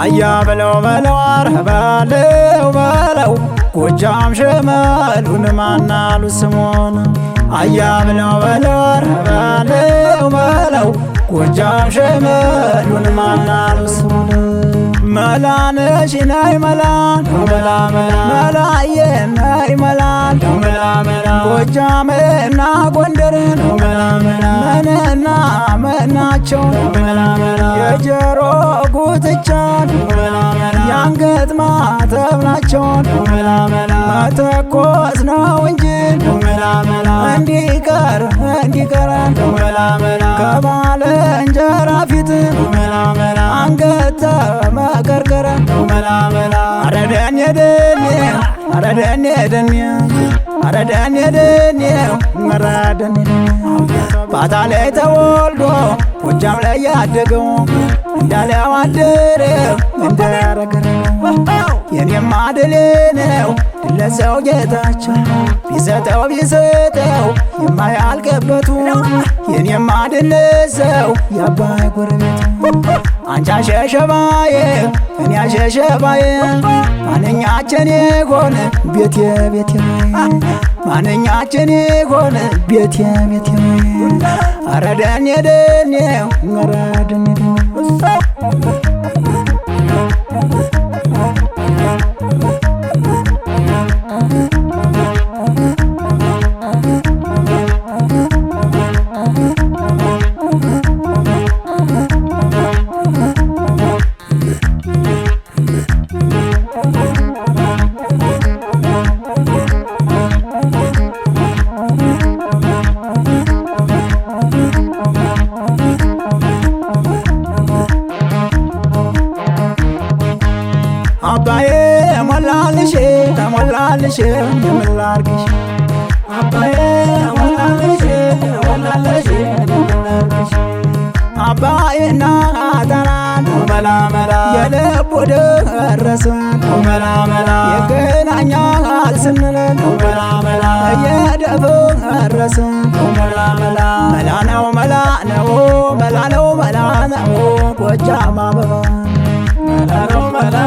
አያ በለው በለው አረ በለው በለው ጎጃም ሽመሉን ማናሉ ስሞን አያ በለው በለው አረ በለው በለው ጎጃም ሽመሉን ማናሉ ስሞን መላነሽ ናይ መላን መላየ ናይ መላን እና ጎን ከንፈርን መነና መናቸውን የጆሮ ጉትቻን የአንገት ማተብ ናቸውን መተኮስ ነው እንጂ እንዲቀር እንዲቀረን ከባልንጀራ ፊት አንገት መቀርቀረን አረደን የደሌ አረደኔ ደኔ አረደኔ ደኔ መራደኔ ባታ ላይ ተወልዶ ጎጃም ላይ ያደገው እንዳለው አደረ እንዳያረገረ የኔም አድሌ ነው ለሰው ጌታቸው ቢሰጠው ቢሰጠው የማያልቅበቱ የኔም አድል ሰው የአባይ ጎረቤቱ አንቺ አሸሸባዬ እኔ አሸሸባዬ ማንኛችን የሆነ ቤቴ ቤቴ ማንኛችን የሆነ ቤቴ ቤቴ አረ ደኔ ደኔው አረ ደኔ አባዬ ሞላልሽ ተሞላልሽ እንደምን ላድርግሽ አባዬ ሞላልሽ ተሞላልሽ እንደምን ላድርግሽ አባዬ ናታናን መላመላ የልቡ ደረሰን መላመላ የገናኛል ስንለን መላመላ እየደፈረሰን መላመላ መላ ነው መላ ነው መላ ነው መላ ነው ጎጃም አበባ መላ ነው መላ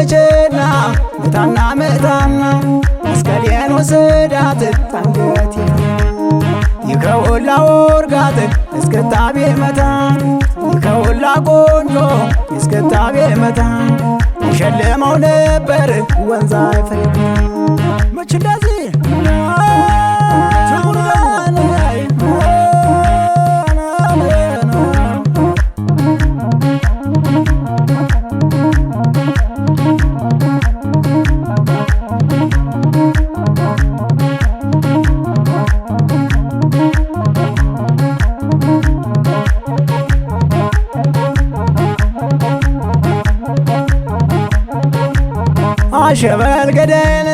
መቼና መታና መታና መስቀሌን ወሰዳት ታንገት ይከውላ ወርጋት እስከታቤ መታ ይከውላ ቆንጆ እስከታቤ መታ የሸለመው ነበር ወንዛ ይፈልግ መች እንደዚህ አሸበል ገዳይን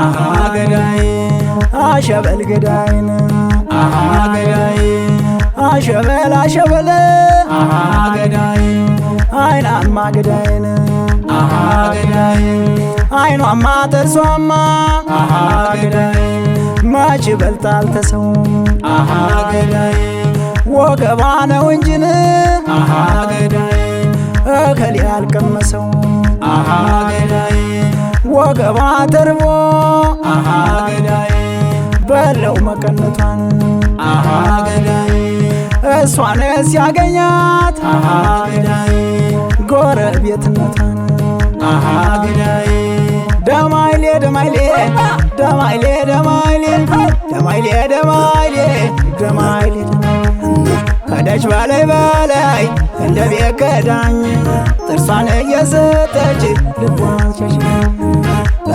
አሃ ገዳይ አሸበል ገዳይን አሃ ገዳይ አሸበል አሸበል አሃ ገዳይ አይናማ ገዳይን አሃ ገዳይ አይኗማ ጥርሷማ አሃ ገዳይ ማች በልጣል ተሰው አሃ ገዳይ ወገባ ነው እንጂን አሃ ገዳይ እከሌ አልቀመሰው አሃ ወገባ ተርቦ ገዳይ በለው መቀነቷን ገዳይ እሷን ሲያገኛት ገዳይ ጎረቤትነቷን ገዳይ ደማይሌ ደማይሌ ደማይሌ ደማይሌ ደማይሌ ደማይሌ ደማይሌ ነች ባላይ ባላይ እንደ ቤት ገዳኝ ጥርሷን እየሰጠች ልቧን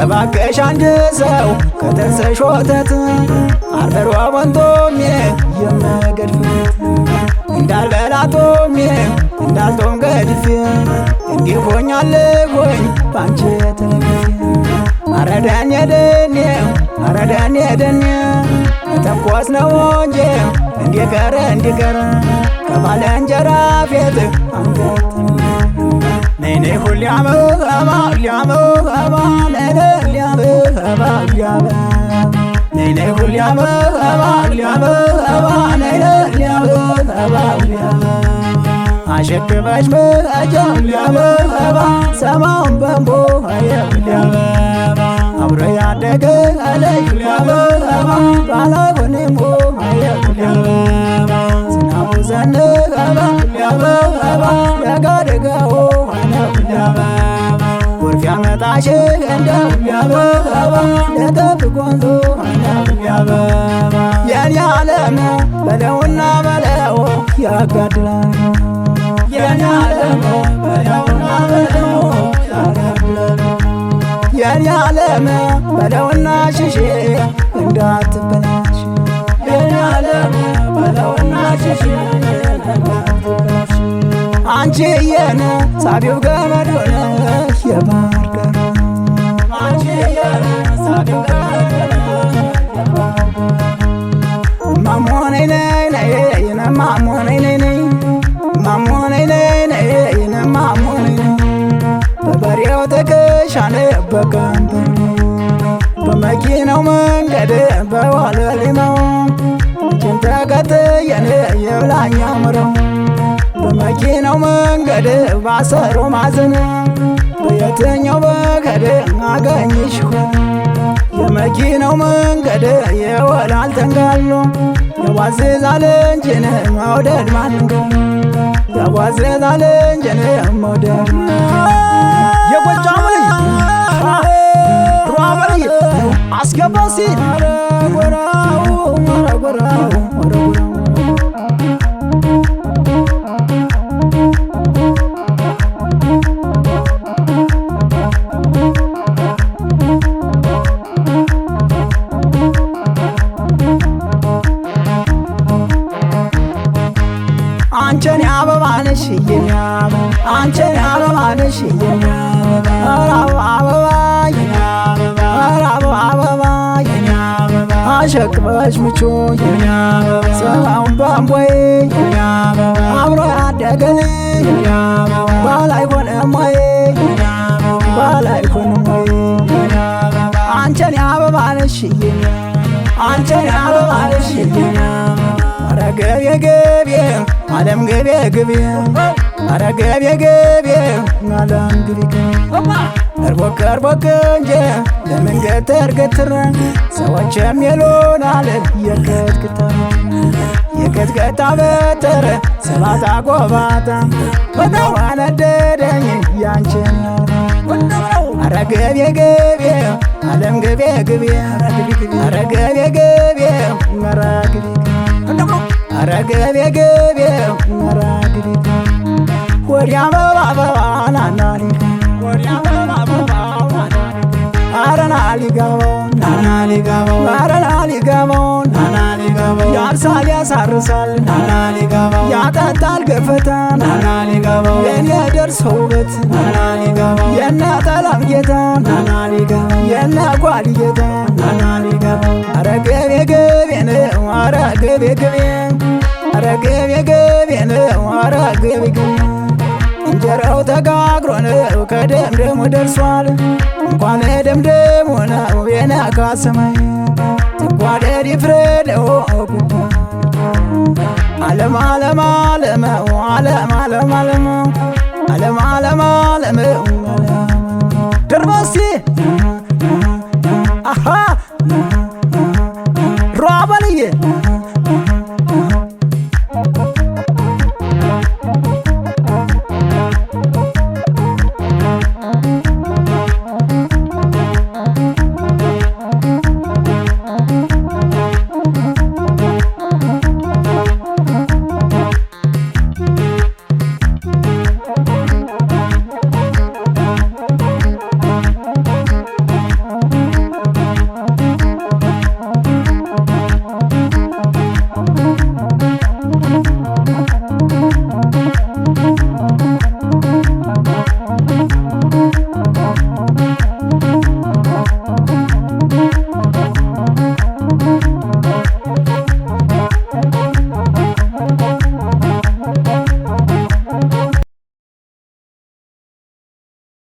እባክሽ አንድ ሰው ከተንሰሽ ወተት አፈሯ ወንዶሜ የመገድፍ እንዳልበላቶሜ እንዳልቶም እንዳልጦም ገድፌ እንዲህ ሆኛለሁኝ ባንቺ ተለግፌ አረዳን የደኔ አረዳን የደኔ ተንኮስ ነው እንጂ እንዲቀረ እንዲቀረ ከባለ እንጀራ ቤት አንገት ነይኔ ሁሌ አመኸባ ሊያመኸባ ነይኔ ሊያመኸባ ሊያመ ነይኔ ሁሌ አመኸባ ሊያመኸባ ነይኔ ሊያመኸባ ሊያመ አሸክመሽ መጃም ሊያመኸባ ሰማውን በንቦ ሀየም ሊያመ አብረ ያደገ አለይ ሊያመኸባ ባላጎኔምቦ አበባ ነጋደጋው ሆነ ሁላባ ጎርፍ ያመጣሽ እንደ የኔ አለመ በለውና በለው ያጋድላል የኔ አለመ በለውና በለው ያጋድላል የኔ አለመ በለውና ሽሼ እንዳትበላሽ አንቺ የነ ሳቢው ገመድ ሆነሽ የባህር ዳር በበሬው ትከሻነ በቀንበር በመኪናው መንገድ በዋለሊማው ጅንተቀት የነ የብላኛ ምረው ሰኪ ነው መንገድ ባሰሮ ማዘን የትኛው በገድ አገኝሽ የመኪናው መንገድ የወላል ተንጋሎ የዋዜዛል እንጅን መውደድ ማንገ የዋዜዛል እንጅን መውደድ የጎጃሙ ልጅ ሯበል አስገባ ሲል ጎራው ጎራው አሸቅበሽ ምቹኝ ሰባውን ባምቦይ አብሮ ያደገኝ ባላይ ሆነማይ ባላይ ሆነማይ አንቸን ያበባነሽዬ አንቸን ያበባነሽዬ አረ ገቤ ገቤ አለም ገቤ ገቤ አረ ገቤ ገቤ አለም ገቤ ገቤ እርቦ ከርቦክ እንጂ ለምን ገተር ገትር ሰዎችም የሉን አለን የቀትቅታ የቀትቀታ ሰባታ ጎባታ ወደዋ ነደደኝ ያንችን አረ ገቤ ገቤ አለም ገቤ ግቤ አረ ገቤ ግቤ አረ ገቤ ገቤ መራ ግቤ ወዲያ አበባ አበባ ናናሪ ሊገባው ያርሳል ያሳርሳል ያጠጣል ገፈታን የኔ ደርሶ ውበት የነ ጠላም ጌታ የነ ኳል ጌታ አረ ገቤ ገቤ ነው አረ ገቤ ገቤ አረ ገቤ ገቤ ነው አረ ገቤ ገቤ የቸረው ተጋግሮ ነው ከደምደሙ ደርሷል። እንኳን ደም ደሙ ነው የነካ ሰማይ ትጓደድ ይፍረደው ዓለም ዓለም ዓለም ዓለም ዓለም ዓለም ዓለም ዓለም ዓለም